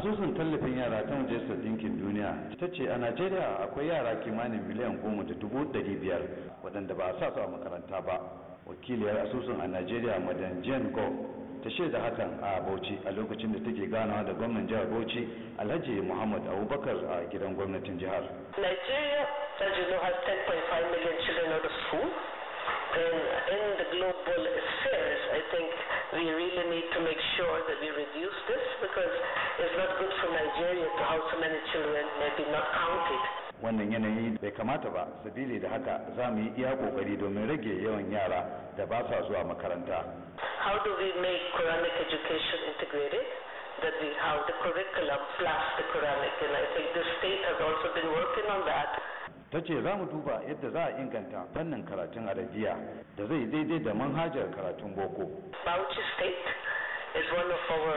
asusun tallafin yara ta majalisar dinkin duniya ta ce a najeriya akwai yara kimanin miliyan goma da dubu ɗari biyar waɗanda ba a sa su a makaranta ba wakiliyar asusun a najeriya madan jane go ta shaida hakan a bauchi a lokacin da take ganawa da gwamnan jihar bauchi alhaji muhammad abubakar a gidan gwamnatin jihar nigeria in the global affairs i think we really need to make sure that we reduce this because It's not good for Nigeria to have so many children maybe not counted. Wannan yanayi bai kamata ba, sabili da haka za mu yi iya kokari domin rage yawan yara da ba sa zuwa makaranta. How do we make Quranic education integrated? That we have the curriculum plus the Quranic, and I think the state has also been working on that. ta ce za mu duba yadda za a inganta fannin karatun arabiya da zai daidai da manhajar karatun boko. Bauchi State is one of our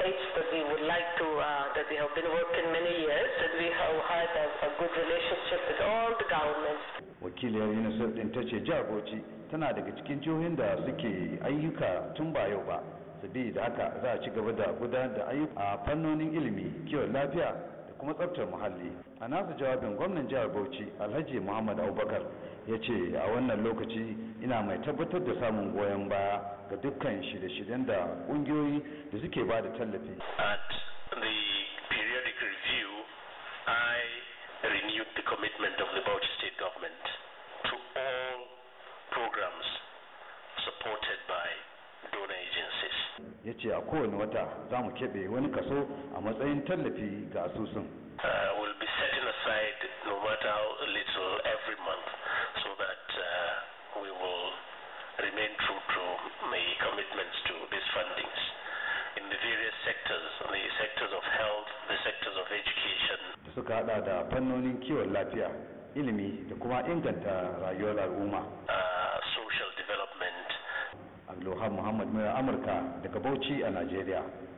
that we would like to, uh, that we have been working many years, that we have had a, a good relationship with all the governments. Wakiliyar UNICEF din ta ce tana daga cikin jihohin da suke ayyuka tun ba yau ba, haka za a ci gaba da gudanar da ayyuka a fannonin ilimi, kiwon lafiya, kuma tsabtar muhalli a nasu jawabin gwamnan jihar bauchi alhaji muhammad abubakar ya ce a wannan lokaci ina mai tabbatar da samun goyon baya ga dukkan shirye-shiryen da ƙungiyoyi da suke ba da tallafi at the periodic review the commitment of the bauchi state government yace ce a kowane wata za mu keɓe wani kaso a matsayin tallafi ga asusun uh, be uh, we remain true to my commitments to these fundings in the various sectors, the sectors of health, the sectors of education. Da suka hada da fannonin kiwon lafiya, ilimi da kuma inganta rayuwar al'umma. Uh, Loha Muhammad mai Amurka daga Bauchi a Najeriya.